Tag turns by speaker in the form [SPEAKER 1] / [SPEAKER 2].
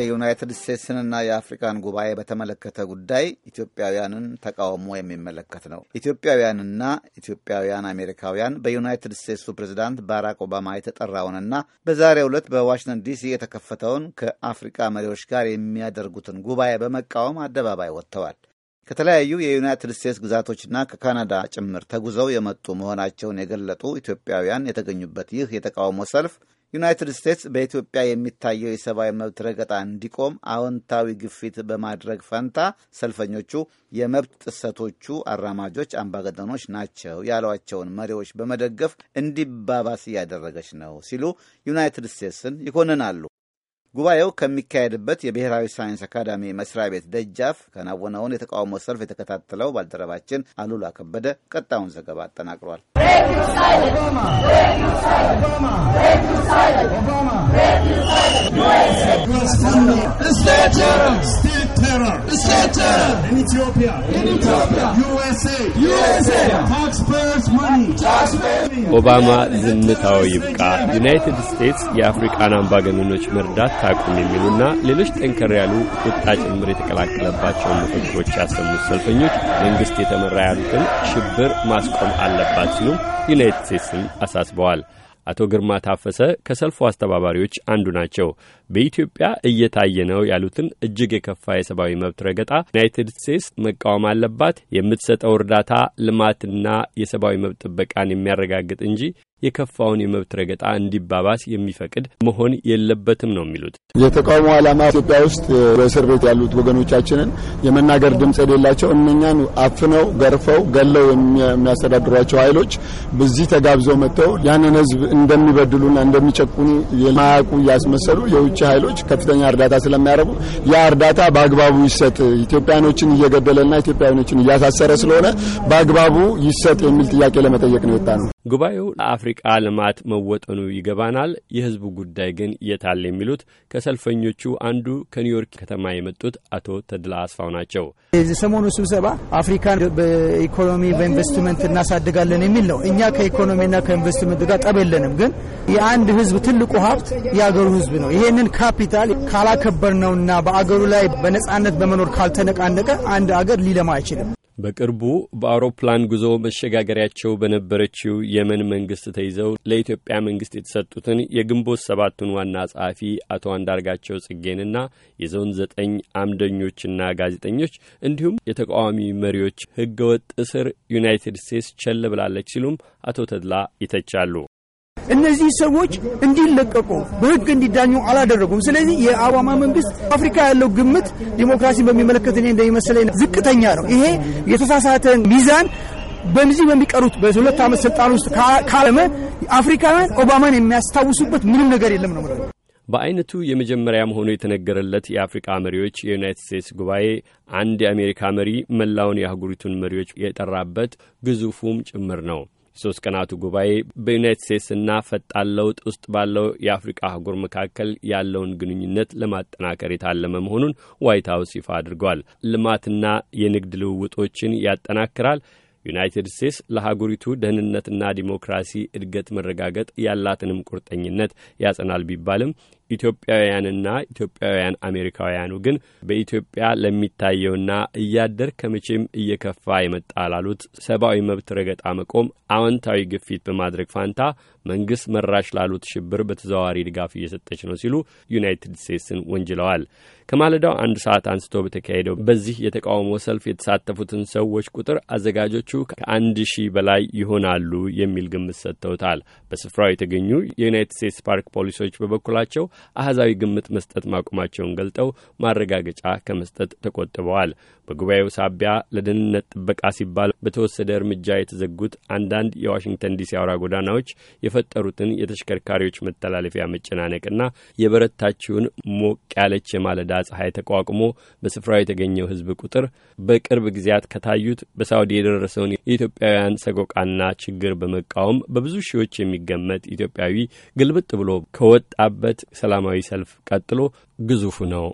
[SPEAKER 1] የዩናይትድ ስቴትስንና የአፍሪካን ጉባኤ በተመለከተ ጉዳይ ኢትዮጵያውያንን ተቃውሞ የሚመለከት ነው። ኢትዮጵያውያንና ኢትዮጵያውያን አሜሪካውያን በዩናይትድ ስቴትሱ ፕሬዚዳንት ባራክ ኦባማ የተጠራውንና በዛሬው ዕለት በዋሽንግተን ዲሲ የተከፈተውን ከአፍሪካ መሪዎች ጋር የሚያደርጉትን ጉባኤ በመቃወም አደባባይ ወጥተዋል። ከተለያዩ የዩናይትድ ስቴትስ ግዛቶችና ከካናዳ ጭምር ተጉዘው የመጡ መሆናቸውን የገለጡ ኢትዮጵያውያን የተገኙበት ይህ የተቃውሞ ሰልፍ ዩናይትድ ስቴትስ በኢትዮጵያ የሚታየው የሰብአዊ መብት ረገጣ እንዲቆም አዎንታዊ ግፊት በማድረግ ፈንታ ሰልፈኞቹ የመብት ጥሰቶቹ አራማጆች አምባገነኖች ናቸው ያሏቸውን መሪዎች በመደገፍ እንዲባባስ እያደረገች ነው ሲሉ ዩናይትድ ስቴትስን ይኮንናሉ። ጉባኤው ከሚካሄድበት የብሔራዊ ሳይንስ አካዳሚ መስሪያ ቤት ደጃፍ ከናወነውን የተቃውሞ ሰልፍ የተከታተለው ባልደረባችን አሉላ ከበደ ቀጣዩን ዘገባ አጠናቅሯል። State terror. State terror. State terror. In Ethiopia. In Ethiopia. USA. USA. Taxpayers money. Taxpayers money. ኦባማ
[SPEAKER 2] ዝምታው ይብቃ፣ ዩናይትድ ስቴትስ የአፍሪቃን አምባገነኖች መርዳት ታቁም የሚሉና ሌሎች ጠንከር ያሉ ቁጣ ጭምር የተቀላቀለባቸውን መፈክሮች ያሰሙት ሰልፈኞች መንግስት የተመራ ያሉትን ሽብር ማስቆም አለባት ሲሉም ዩናይትድ ስቴትስን አሳስበዋል። አቶ ግርማ ታፈሰ ከሰልፉ አስተባባሪዎች አንዱ ናቸው። በኢትዮጵያ እየታየ ነው ያሉትን እጅግ የከፋ የሰብአዊ መብት ረገጣ ዩናይትድ ስቴትስ መቃወም አለባት፣ የምትሰጠው እርዳታ ልማትና የሰብአዊ መብት ጥበቃን የሚያረጋግጥ እንጂ የከፋውን የመብት ረገጣ እንዲባባስ የሚፈቅድ መሆን የለበትም ነው የሚሉት። የተቃውሞ ዓላማ ኢትዮጵያ ውስጥ በእስር ቤት ያሉት ወገኖቻችንን የመናገር ድምፅ የሌላቸው እነኛን አፍነው ገርፈው ገለው የሚያስተዳድሯቸው ኃይሎች በዚህ ተጋብዘው መጥተው ያንን ህዝብ እንደሚበድሉና እንደሚጨቁኑ የማያውቁ እያስመሰሉ የውጭ ኃይሎች ከፍተኛ እርዳታ ስለሚያደርጉ ያ እርዳታ በአግባቡ ይሰጥ ኢትዮጵያኖችን እየገደለና ኢትዮጵያኖችን እያሳሰረ ስለሆነ በአግባቡ ይሰጥ የሚል ጥያቄ ለመጠየቅ ነው የወጣ ነው። ጉባኤው ለአፍሪቃ ልማት መወጠኑ ይገባናል፣ የህዝቡ ጉዳይ ግን የታል የሚሉት ከሰልፈኞቹ አንዱ ከኒውዮርክ ከተማ የመጡት አቶ ተድላ አስፋው ናቸው።
[SPEAKER 1] የሰሞኑ ስብሰባ አፍሪካን በኢኮኖሚ በኢንቨስትመንት እናሳድጋለን የሚል ነው። እኛ ከኢኮኖሚና ከኢንቨስትመንት ጋር ጠብ የለንም፣ ግን የአንድ ህዝብ ትልቁ ሀብት የአገሩ ህዝብ ነው። ይሄንን ካፒታል ካላከበር ነውና በአገሩ ላይ በነጻነት በመኖር ካልተነቃነቀ አንድ አገር ሊለማ አይችልም።
[SPEAKER 2] በቅርቡ በአውሮፕላን ጉዞ መሸጋገሪያቸው በነበረችው የመን መንግስት ተይዘው ለኢትዮጵያ መንግስት የተሰጡትን የግንቦት ሰባቱን ዋና ጸሐፊ አቶ አንዳርጋቸው ጽጌንና የዞን ዘጠኝ አምደኞችና ጋዜጠኞች እንዲሁም የተቃዋሚ መሪዎች ህገወጥ እስር ዩናይትድ ስቴትስ ቸል ብላለች ሲሉም አቶ ተድላ ይተቻሉ።
[SPEAKER 1] እነዚህ ሰዎች እንዲለቀቁ በህግ እንዲዳኙ አላደረጉም። ስለዚህ የኦባማ መንግስት አፍሪካ ያለው ግምት ዲሞክራሲን በሚመለከት እኔ እንደሚመስለኝ ዝቅተኛ ነው። ይሄ የተሳሳተ ሚዛን በዚህ በሚቀሩት በሁለት ዓመት ስልጣን ውስጥ ካለመ አፍሪካውያን ኦባማን የሚያስታውሱበት ምንም ነገር የለም ነው
[SPEAKER 2] በአይነቱ የመጀመሪያ መሆኑ የተነገረለት የአፍሪቃ መሪዎች የዩናይትድ ስቴትስ ጉባኤ አንድ የአሜሪካ መሪ መላውን የአህጉሪቱን መሪዎች የጠራበት ግዙፉም ጭምር ነው። የሶስት ቀናቱ ጉባኤ በዩናይት ስቴትስና ፈጣን ለውጥ ውስጥ ባለው የአፍሪቃ አህጉር መካከል ያለውን ግንኙነት ለማጠናከር የታለመ መሆኑን ዋይት ሀውስ ይፋ አድርጓል። ልማትና የንግድ ልውውጦችን ያጠናክራል። ዩናይትድ ስቴትስ ለሀገሪቱ ደህንነትና ዲሞክራሲ እድገት መረጋገጥ ያላትንም ቁርጠኝነት ያጸናል ቢባልም ኢትዮጵያውያንና ኢትዮጵያውያን አሜሪካውያኑ ግን በኢትዮጵያ ለሚታየውና እያደር ከመቼም እየከፋ የመጣ ላሉት ሰብአዊ መብት ረገጣ መቆም አዎንታዊ ግፊት በማድረግ ፋንታ መንግስት መራሽ ላሉት ሽብር በተዘዋዋሪ ድጋፍ እየሰጠች ነው ሲሉ ዩናይትድ ስቴትስን ወንጅለዋል። ከማለዳው አንድ ሰዓት አንስቶ በተካሄደው በዚህ የተቃውሞ ሰልፍ የተሳተፉትን ሰዎች ቁጥር አዘጋጆቹ ከአንድ ሺህ በላይ ይሆናሉ የሚል ግምት ሰጥተውታል። በስፍራው የተገኙ የዩናይትድ ስቴትስ ፓርክ ፖሊሶች በበኩላቸው አህዛዊ ግምት መስጠት ማቆማቸውን ገልጠው ማረጋገጫ ከመስጠት ተቆጥበዋል። በጉባኤው ሳቢያ ለደህንነት ጥበቃ ሲባል በተወሰደ እርምጃ የተዘጉት አንዳንድ የዋሽንግተን ዲሲ አውራ ጎዳናዎች የፈጠሩትን የተሽከርካሪዎች መተላለፊያ መጨናነቅና የበረታችውን ሞቅ ያለች የማለዳ ፀሐይ ተቋቁሞ በስፍራው የተገኘው ሕዝብ ቁጥር በቅርብ ጊዜያት ከታዩት በሳውዲ የደረሰውን የኢትዮጵያውያን ሰቆቃና ችግር በመቃወም በብዙ ሺዎች የሚገመት ኢትዮጵያዊ ግልብጥ ብሎ ከወጣበት ሰላማዊ ሰልፍ ቀጥሎ ግዙፉ ነው።